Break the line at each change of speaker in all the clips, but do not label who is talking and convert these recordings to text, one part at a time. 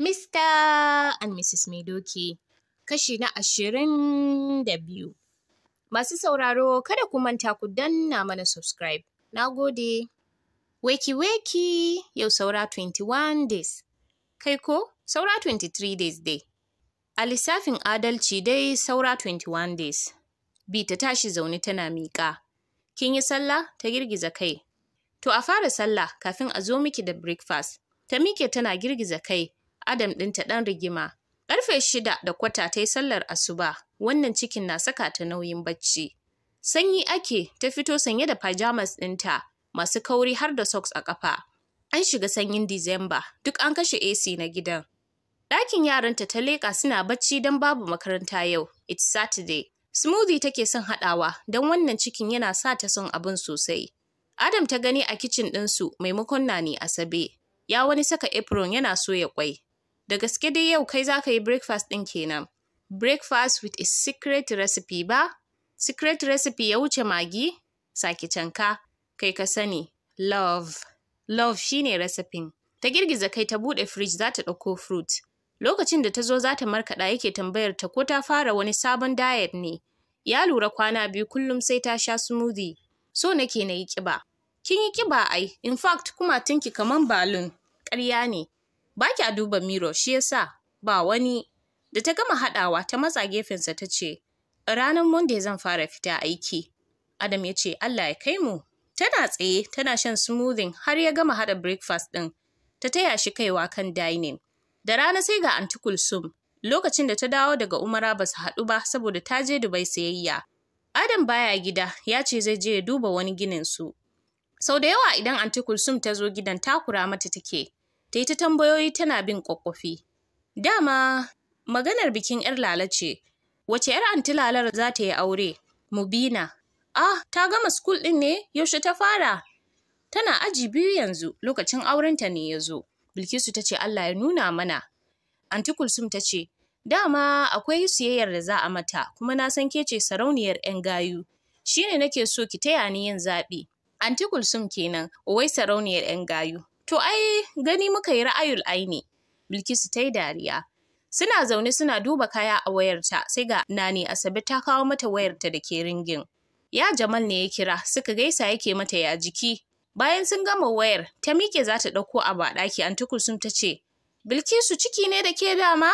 Mr. and Mrs. Maidoki, kashi na ashirin da biyu. Masu sauraro kada ku manta ku danna mana subscribe. Na gode. Weki-weki yau saura 21 days. Kai ko, saura 23 days dai. A lissafin adalci dai saura 21 days. Bi ta tashi zaune tana miƙa. Kin yi sallah ta girgiza kai. To a fara sallah kafin a zo miki da breakfast. Ta miƙe tana girgiza kai. adam ɗinta ɗan rigima. Ƙarfe shida da kwata ta yi sallar asuba, wannan cikin na saka ta nauyin bacci. Sanyi ake ta fito sanye da pajamas ɗinta masu kauri har da socks a ƙafa. An shiga sanyin Disamba, duk an kashe AC na gidan. Ɗakin yaranta ta leƙa suna bacci don babu makaranta yau, it's Saturday. Smoothie take son haɗawa don wannan cikin yana sa ta son abin sosai. Adam ta gani a kicin ɗinsu maimakon Nani Asabe. Ya wani saka apron yana so ya kwai Da gaske dai yau kai za ka yi breakfast ɗin kenan. Breakfast with a secret recipe ba? Secret recipe ya wuce magi? Sake canka, kai ka sani. Love. Love ne recipin. Ta girgiza kai ta buɗe fridge za ta ɗauko fruit. Lokacin da ta zo za ta markaɗa yake tambayar ta ko ta fara wani sabon diet ne. Ya lura kwana biyu kullum sai ta sha smoothie. So nake na yi ƙiba. Kin yi ƙiba ai, in fact kuma tunki kaman balloon. Ƙarya ne. ba kya duba miro shi yasa ba wani da ta gama haɗawa ta matsa gefensa ta ce ranar monday zan fara fita aiki adam ya ce allah ya kai mu tana tsaye tana shan smoothing har ya gama haɗa breakfast ɗin ta taya shi kaiwa kan dining da rana sai ga anti kulsum lokacin da ta dawo daga umara ba su haɗu ba saboda ta je dubai sayayya adam baya gida ya ce zai je ya duba wani ginin su sau da yawa idan anti kulsum ta zo gidan takura mata take ta yi ta tambayoyi tana bin ƙwaƙwafi. Dama maganar bikin ‘yar Lala ce, wace ‘yar anti Lalar za ta yi aure? Mu Mubina. Ah, ta gama skul ɗin ne? Yaushe ta fara? Tana aji biyu yanzu, lokacin aurenta ne ya zo. Bilkisu ta ce Allah ya nuna mana. Anti Kulsum ta ce, Dama akwai siyayyar da za a mata, kuma na san ke ce sarauniyar ‘yan gayu. Shi ne nake so ki taya ni yin zaɓi. Anti Kulsum kenan, wai sarauniyar ‘yan gayu. To ai gani muka yi ra'ayul aini. Bilkisu ta yi dariya. Suna zaune suna duba kaya a wayarta sai ga Nani Asabe ta kawo mata wayarta da ke ringin. Ya Jamal ne ya kira suka gaisa yake mata ya jiki. Bayan sun gama wayar ta miƙe za ta ɗauko a baɗaki an tukulsum ta ce Bilkisu ciki ne da ke dama?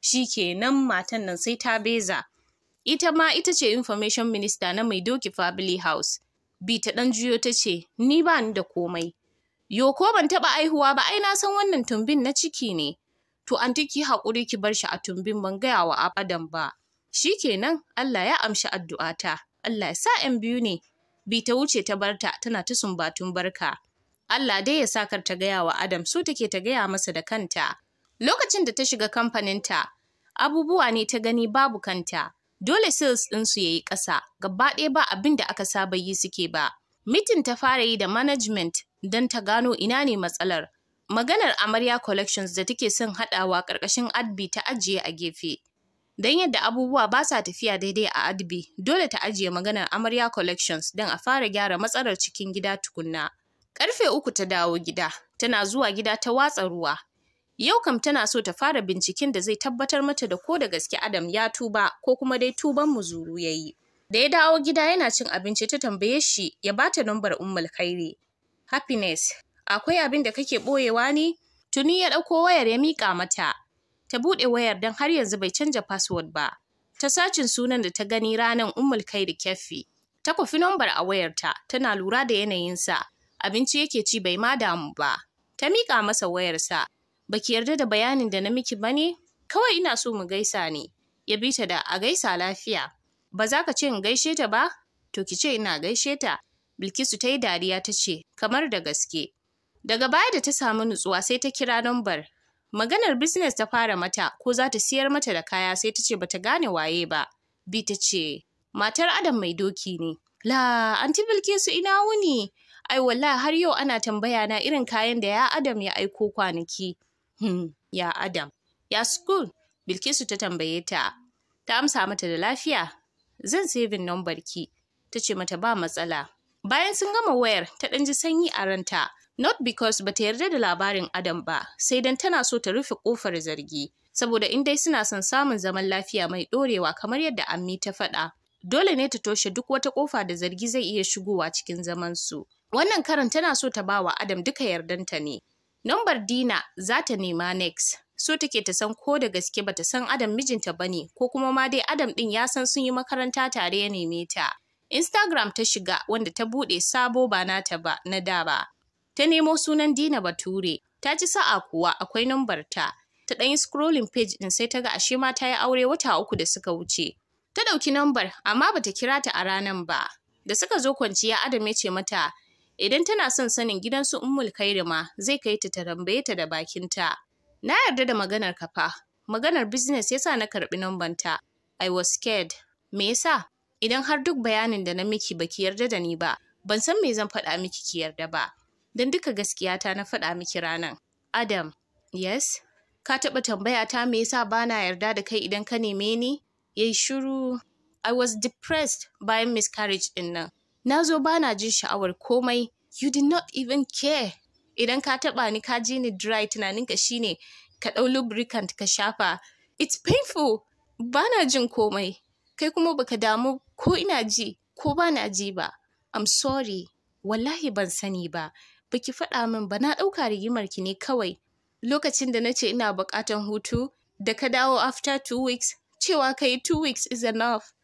Shi kenan matan nan sai ta beza. Ita ma ita ce information minister na mai doki Family House. Bi ta ɗan juyo ta ce ni ba ni da komai. Yo ko ban taɓa aihuwa ba ai na san wannan tumbin na ciki ne. To anti ki haƙuri ki bar shi a tumbin ban gaya wa abadan ba. Shi kenan Allah ya amshi addu'a ta. Allah ya sa ‘yan biyu ne. Bi ta wuce ta barta tana ta sumbatun barka. Allah dai ya sa kar ta gaya wa Adam su take ta gaya masa da kanta. Lokacin da ta shiga kamfaninta, abubuwa ne ta gani babu kanta. Dole sales ɗinsu ya yi ƙasa, gaba ɗaya ba abin da aka saba yi suke ba. Mitin ta fara yi da management don ta gano ina ne matsalar. Maganar Amarya Collections da take son haɗawa ƙarƙashin Adbi ta ajiye a gefe. Don yadda abubuwa ba sa tafiya daidai a Adbi, dole ta ajiye maganar Amarya Collections don a fara gyara matsalar cikin gida tukunna. Karfe uku ta dawo gida, tana zuwa gida ta watsa ruwa. Yau kam tana so ta fara binciken da zai tabbatar mata da ko da gaske Adam ya tuba ko kuma dai tuban muzuru ya yi. Da ya dawo gida yana cin abinci ta tambaye shi ya bata lambar Ummul Khairi. Happiness, akwai abin da kake ɓoyewa ne? Tuni ya ɗauko wayar ya miƙa mata. Ta buɗe wayar don har yanzu bai canja password ba. Ta sacin sunan da ta gani ranar Ummul da kyafi. Ta kwafi nambar a wayarta, tana lura da yanayinsa. Abinci yake ci bai ma damu ba. Ta miƙa masa wayarsa. Baki yarda da bayanin da na miki ba ne? Kawai ina so mu gaisa ne. Ya bi ta da a gaisa lafiya. Ba za ka ce in gaishe ta ba? To ki ce ina gaishe ta. Bilkisu ta yi dariya ta ce, kamar da gaske. Daga baya da ta samu nutsuwa sai ta kira nambar. Maganar business ta fara mata ko za ta siyar mata da kaya sai ta ce ba ta gane waye ba. Bi ta ce, matar Adam mai doki ne. La, anti Bilkisu ina wuni? Ai walla har yau ana tambaya na irin kayan da ya Adam ya aiko kwanaki. Hmm, ya Adam. Ya school? Bilkisu ta tambaye ta. Ta amsa mata da lafiya. Zan saving number ki. Ta ce mata ba matsala. Bayan sun gama wayar, ta ɗan ji sanyi a ranta. Not because ba ta yarda da labarin Adam ba, sai dan tana so ta rufe ƙofar zargi. Saboda in dai suna son samun zaman lafiya mai ɗorewa kamar yadda Ammi ta faɗa. Dole ne ta toshe duk wata ƙofa da zargi zai iya shigowa cikin zamansu. Wannan karan tana so ta bawa Adam duka yardanta ne. Nambar Dina za ta nema next. So take ta san ko da gaske bata san Adam mijinta bane ko kuma ma dai Adam ɗin ya san sun yi makaranta tare ya neme ta. Instagram ta shiga wanda ta buɗe sabo ba nata ba na da ba. Ta nemo sunan Dina Bature, ta ji sa'a kuwa akwai nambar ta. Ta ɗan yi scrolling page ɗin sai ta ga ashe ma ta yi aure wata uku da suka wuce. Ta ɗauki nambar amma bata kira ta a ranan ba. Da suka zo kwanciya Adam ya ce mata idan tana son sanin gidan su Ummul Kairima zai kai ta ta tambaye ta da bakin ta. Na yarda da maganar kafa. Maganar business yasa na karɓi namban ta. I was scared. Me yasa? Idan har duk bayanin da na miki baki yarda da ni ba, ban san me zan faɗa miki ki yarda ba. Don duka gaskiya ta na faɗa miki ranan. Adam, yes? Ka taɓa tambaya ta me yasa na yarda da kai idan ka neme ni? Yayi shiru. I was depressed bayan miscarriage ɗin nan. Na zo bana jin sha'awar komai. You did not even care. Idan ka taɓa ni ka ji ni dry tunaninka shine ka ɗau lubricant ka shafa. It's painful. Bana jin komai. Kai kuma baka damu ko ina ji ko ba na ji ba I'm sorry wallahi ban sani ba baki faɗa min ba na ɗauka rigimar ki ne kawai lokacin da na ce ina buƙatan hutu da ka dawo after two weeks cewa ka yi two weeks is enough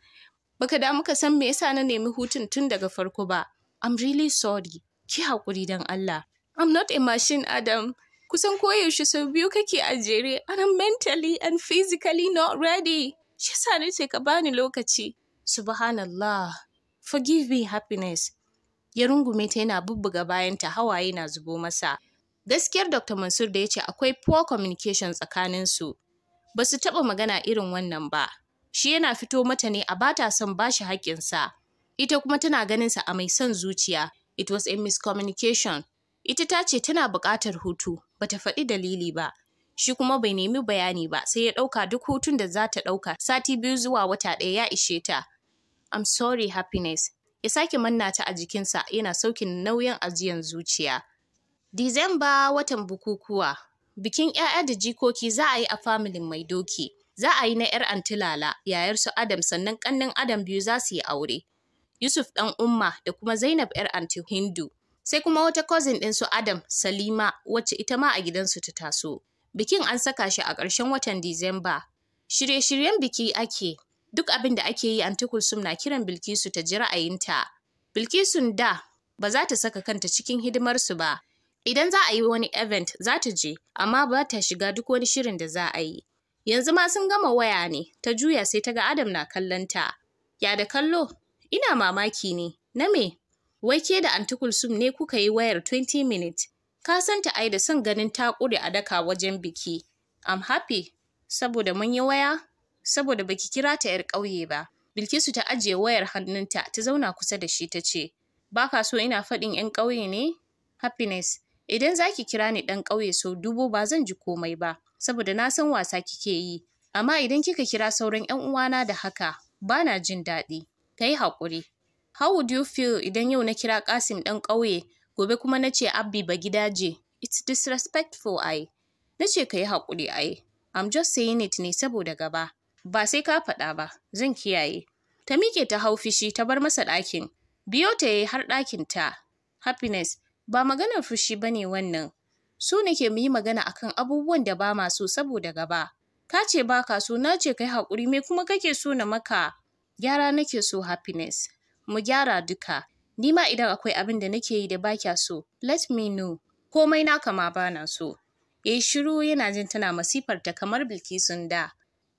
baka da muka san me yasa na nemi hutun tun daga farko ba I'm really sorry ki haƙuri don Allah I'm not a machine Adam kusan koyaushe sau biyu kake a jere and I'm mentally and physically not ready shi yasa nace ka bani lokaci Subhanallah, forgive me happiness. Ya rungume ta yana bubbuga bayanta hawaye na zubo masa. Gaskiyar Dr. Mansur da ya ce akwai poor communication su Ba su taɓa magana irin wannan ba. Shi yana fito mata ne a bata son bashi haƙƙinsa. Ita kuma tana ganinsa a mai son zuciya. It was a miscommunication. Ita ta ce tana buƙatar hutu, bata faɗi dalili ba. Shi kuma bai nemi bayani ba, sai ya ɗauka duk hutun da za ta ɗauka sati biyu zuwa wata ɗaya ya ishe ta. I'm sorry happiness. Ya sake manna ta a jikinsa yana saukin nauyin ajiyan zuciya. Disamba watan bukukuwa. Bikin 'ya'ya da jikoki za a yi a familin mai doki. Za a yi na 'yar Antilala, yayar su Adam sannan ƙannen Adam biyu za su yi aure. Yusuf ɗan Umma da kuma Zainab 'yar Anti Hindu. Sai kuma wata cousin ɗin su Adam, Salima, wacce ita ma a gidansu ta taso. Bikin an saka shi a ƙarshen watan Disamba. Shirye-shiryen biki ake, Duk abin da ake yi an na kiran Bilkisu ta ji ra'ayinta. Bilkisun da ba za ta saka kanta cikin hidimarsu ba. Idan za a yi wani event za ta je, amma ba ta shiga duk wani shirin da za a yi. Yanzu ma sun gama waya ne, ta juya sai ta ga Adam na kallon Ya da kallo? Ina mamaki ne, na me? Wai ke da Antukulsum ne kuka yi wayar 20 minutes. Ka san ta ai da son ganin ta ƙure a daka wajen biki. I'm happy, saboda mun yi waya saboda baki kira ta ‘yar ƙauye ba. Bilkisu ta ajiye wayar hannunta ta zauna kusa da shi ta ce, Ba ka so ina faɗin ‘yan ƙauye ne? Happiness, idan za ki kira ni ɗan ƙauye so dubu ba zan ji komai ba, saboda na san wasa kike yi. Amma idan kika kira sauran ‘yan uwana da haka, ba na jin daɗi. Ka yi haƙuri. How would you feel idan yau na kira Kasim ɗan ƙauye, gobe kuma na ce Abbi ba gida je? It's disrespectful ai. Na ce ka yi haƙuri ai. I'm just saying it ne saboda gaba. Ba sai ka faɗa ba, zan kiyaye. Ta miƙe ta hau fushi ta bar masa ɗakin. Biyo ta yi har ɗakin ta. Happiness, ba maganar fushi ba ne wannan. Su nake mu yi magana akan abubuwan da ba ma so saboda gaba. Ka ce ba ka so, na ce kai haƙuri me kuma kake so na maka? Gyara nake so happiness. Mu gyara duka. Ni ma idan akwai abin da nake yi da ba kya so, let me know. Komai na kama bana so. Ya shiru yana jin tana masifar ta kamar Bilkisun da.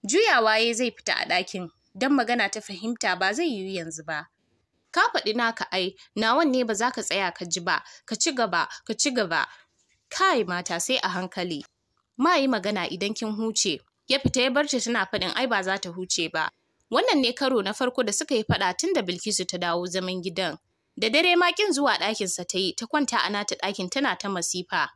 Juyawa ya zai fita a ɗakin, don magana ta fahimta ba zai yiwu yanzu ba. Ka faɗi naka ai, nawan ne ba za ka tsaya ka ji ba, ka ci gaba, ka ci gaba. Kai mata sai a hankali. Ma yi magana idan kin huce, ya fita ya ta tana faɗin ai ba za ta huce ba. Wannan ne karo na farko da suka yi faɗa tun da Bilkisu ta dawo zaman gidan. Da dare ma kin zuwa ɗakinsa ta yi, ta kwanta a nata ɗakin tana ta masifa.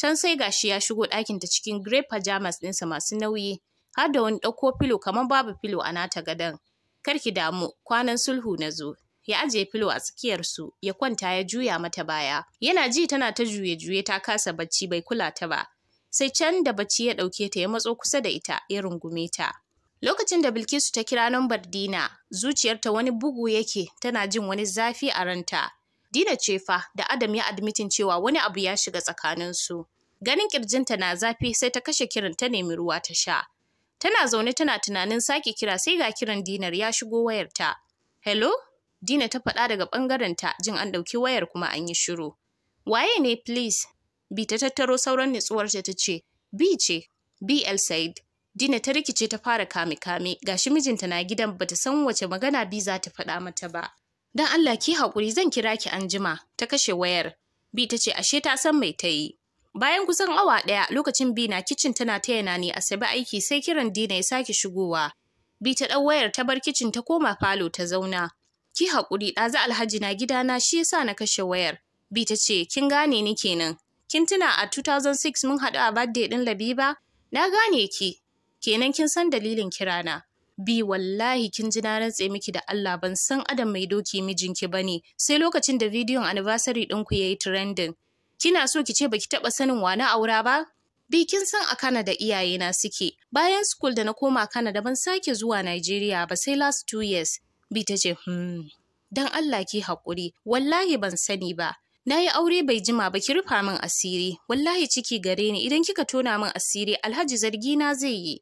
Can sai gashi ya shigo ɗakin ta cikin grey pajamas ɗinsa masu nauyi. har da wani ɗauko filo kamar babu filo a nata gadon. Kar ki damu, kwanan sulhu na zo. Ya ajiye filo a tsakiyarsu, ya kwanta ya juya mata baya. Yana ji tana ta juye-juye ta kasa bacci bai kula ta ba. Sai can da bacci ya ɗauke ta ya matso kusa da ita ya rungume ta. Lokacin da Bilkisu ta kira nambar Dina, zuciyarta wani bugu yake tana jin wani zafi a ranta. Dina ce fa da Adam ya admitin cewa wani abu ya shiga tsakaninsu. Ganin kirjinta na zafi sai ta kashe kirin ta nemi ruwa ta sha. Tana zaune tana tunanin sake kira sai ga kiran Dinar ya shigo wayarta. Hello? Dina ta faɗa daga ɓangarenta jin an ɗauki wayar kuma an yi shiru. Waye ne please? Bi ta tattaro sauran nutsuwarta ta ce, Bi ce, Bi El Said. Dina ta rikice ta fara kame-kame, gashi mijinta na gidan bata san wace magana Bi za ta faɗa mata ba. Don Allah ki haƙuri zan kira ki anjima, ta kashe wayar. Bi ta ce ashe ta san mai ta yi. Bayan kusan awa ɗaya lokacin bi na kicin tana ta na ne asabe aiki sai kiran dina ya sake shigowa. Bi ta ɗau wayar ta bar kicin ta koma falo ta zauna. Ki haƙuri ɗazu alhaji na gidana shi yasa na kashe wayar. Bi ta ce kin gane ni kenan. Kin tuna a 2006 mun haɗu a birthday ɗin Labiba? Na gane ki. Kenan kin san dalilin kira na. Bi wallahi kin ji na rantse miki da Allah ban san adam mai doki mijinki bane sai lokacin da bidiyon anniversary ɗinku yayi trending. Kina so ki ce baki taɓa sanin wani aura ba? Bikin san a Canada iyayena suke. Bayan school da na koma Canada ban sake zuwa Najeriya ba sai last two years. Bi ta ce, hmm, don Allah ki haƙuri, wallahi ban sani ba. Na yi aure bai jima ba ki rufa min asiri, wallahi ciki gare ni idan kika tona min asiri alhaji zargi na zai yi.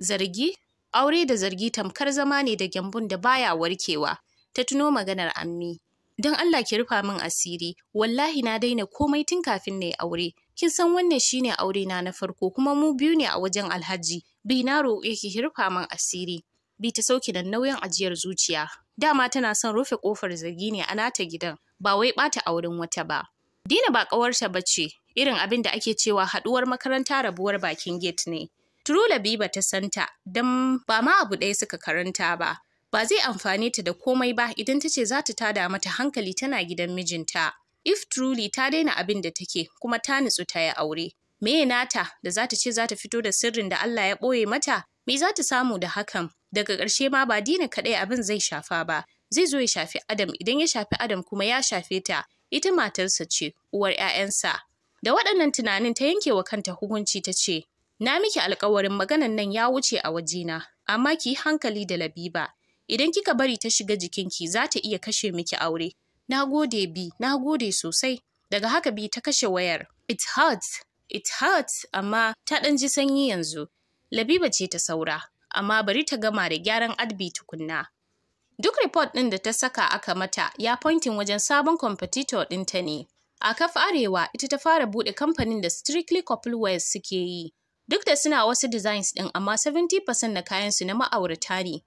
Zargi? Aure da zargi tamkar zama ne da gyambun da baya warkewa. Ta tuno maganar ammi. don Allah ki rufa min asiri wallahi na daina komai tun kafin na yi aure kin san wannan shine aure na na farko kuma mu biyu ne a wajen alhaji bi na roƙe ki rufa min asiri bi ta sauki da nauyin ajiyar zuciya dama tana son rufe ƙofar zargi ne a nata gidan ba wai ɓata auren wata ba dina ba ƙawarta ba ce irin abin da ake cewa haɗuwar makaranta rabuwar bakin gate ne turula biba ta santa don ba ma abu ɗaya suka karanta ba ba zai amfane ta da komai ba idan ta ce za ta tada mata hankali tana gidan mijinta. If truly ta daina abin da take kuma ta nutsu ta yi aure. Me nata da za ta ce za ta fito da sirrin da Allah ya ɓoye mata? Me za ta samu da hakan? Daga ƙarshe ma ba dina kaɗai abin zai shafa ba. Zai zo ya shafi Adam idan ya shafi Adam kuma ya shafe ta. Ita matarsa ce, uwar 'ya'yansa. Da waɗannan tunanin ta yanke wa kanta hukunci ta ce, Na miki alkawarin maganan nan ya wuce a wajena, amma ki hankali da Labiba. Idan kika bari ta shiga jikinki za ta iya kashe miki aure. Na gode bi, na gode sosai. Daga haka bi ta kashe wayar. It hurts, it hurts, amma ta ɗan ji sanyi yanzu. Labiba ce ta saura, amma bari ta gama da gyaran adbi tukunna. Duk report ɗin da ta saka aka mata ya pointin wajen sabon competitor ɗinta ne. A kafa arewa ita ta fara buɗe kamfanin da Strictly Couple Wears suke yi. Duk da suna wasu designs ɗin amma 70% na kayansu na ma'aurata ne.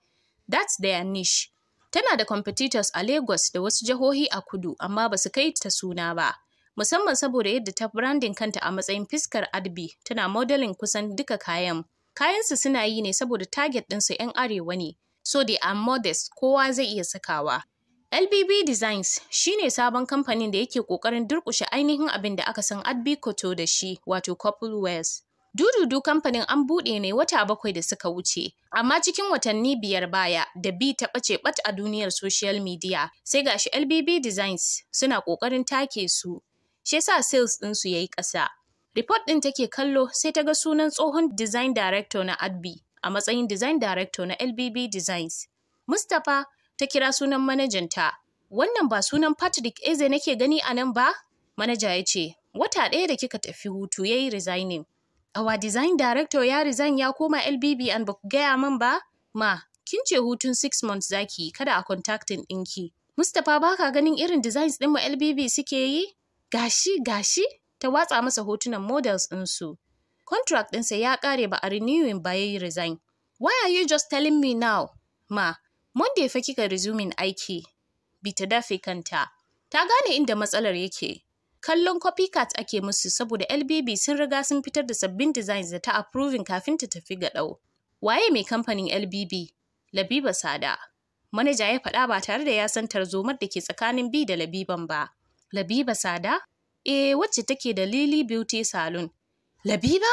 That's their niche. Tana da competitors a Lagos da wasu jihohi a kudu amma ba su kai ta suna ba. Musamman saboda yadda ta branding kanta a matsayin fiskar adbi tana modeling kusan duka kayan. Kayansu suna yi ne saboda target ɗinsu 'yan arewa ne. So they are modest kowa zai iya sakawa. LBB Designs shi ne sabon kamfanin da yake ƙoƙarin durƙushe ainihin abin da aka san Adbi Koto da shi wato couple wears. Dududu kamfanin an buɗe ne wata bakwai da suka wuce, amma cikin watanni biyar baya da bi ta ɓace ɓat a duniyar social media sai gashi LBB Designs suna ƙoƙarin take su, shi sa sales ɗinsu ya yi ƙasa. Report ɗin take kallo sai ta ga sunan tsohon design director na Adbi a matsayin design director na LBB Designs. Mustapha ta kira sunan manajanta. Wannan ba sunan Patrick Eze nake gani a nan ba? Manaja ya ce, wata ɗaya da kika tafi hutu ya yi resigning. awa design director ya resign ya koma LBB an ba ku gaya min ba? Ma, kin ce hutun six months zaki kada a contacting ɗinki. Mustapha ba ka ganin irin designs ɗin mu LBB suke yi? Gashi, gashi, ta watsa masa hotunan models ɗinsu. Contract ɗinsa ya ƙare ba a renewing ba ya yi resign. Why are you just telling me now? Ma, Monday fa kika resuming aiki. Bita dafe kanta. Ta gane inda matsalar yake. kallon copycat ake musu saboda LBB sun riga sun fitar da sabbin designs da ta approving kafin ta tafi ga ɗau. Waye mai kamfanin LBB? Labiba Sada. Manaja ya faɗa ba tare da ya san tarzomar da ke tsakanin bi da Labiban ba. Labiba Sada? Eh, wacce take da Lily Beauty Salon. Labiba?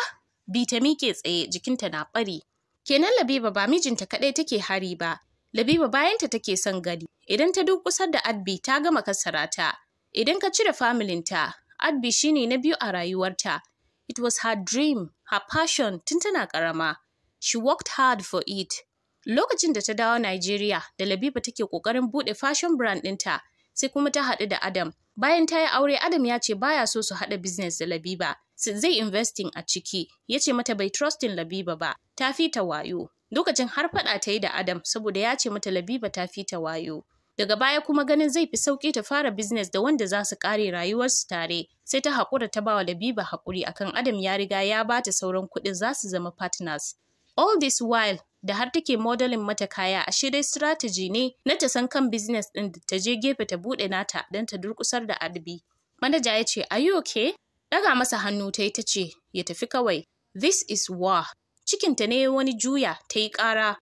B ta miƙe tsaye, jikinta na ɓari. Kenan Labiba ba mijinta kaɗai take hari ba, Labiba bayanta take son gani. Idan ta dukusar da Adbi ta gama kasara ta, Idan ka cire familinta, Adbi shi ne na biyu a rayuwarta. It was her dream, her passion tun tana ƙarama. She worked hard for it. Lokacin da ta dawo Nigeria, da Labiba take ƙoƙarin buɗe fashion brand ɗinta, sai kuma ta haɗu da Adam. Bayan ta yi aure, Adam ya ce baya so su haɗa business da Labiba, zai investing a ciki. Ya ce mata bai trusting Labiba ba, ta fi ta wayo. Lokacin har faɗa ta yi da Adam saboda ya ce mata Labiba ta fi ta wayo. Daga baya kuma ganin zai fi sauƙi ta fara biznes da wanda za su kare rayuwarsu tare. Sai ta haƙura ta bawa Labiba haƙuri akan Adam ya riga ya ba ta sauran kuɗin za su zama partners. All this while da har take modelin mata kaya ashe dai strategy ne na ta san kan business ɗin da ta je gefe ta buɗe nata don ta durƙusar da Adabi. Manaja ya ce, "Are you okay?" Ɗaga masa hannu ta yi ta ce, "Ya tafi kawai." This is war. Cikinta ne wani juya ta yi ƙara